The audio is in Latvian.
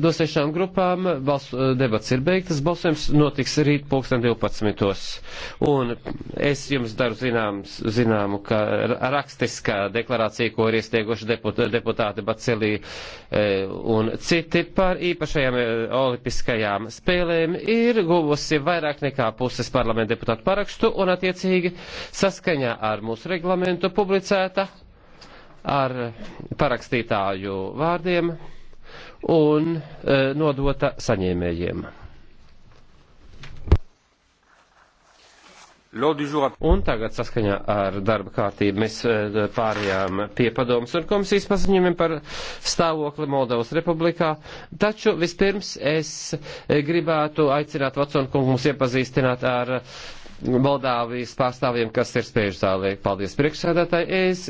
no eh, sešām grupām balsu, eh, debats ir beigtas, balsojums notiks rīt pulksten 12. Un es jums daru zināms, zināmu, ka rakstiskā deklarācija, ko ir iesnieguši deput, deputāti Bacelī eh, un citi par īpašajām olimpiskajām spēlēm, ir guvusi vairāk nekā puses parlamenta deputātu parakstu un attiecīgi saskaņā ar mūsu reglamentu publicēta ar parakstītāju vārdiem un e, nodota saņēmējiem. Un tagad saskaņā ar darba kārtību mēs e, pārējām pie padomas un komisijas paziņojumiem par stāvokli Moldovas republikā. Taču vispirms es e, gribētu aicināt Vatsonu kungu mums iepazīstināt ar Moldāvijas pārstāvjiem, kas ir spējuši zālē. Paldies priekšsēdētāji. Es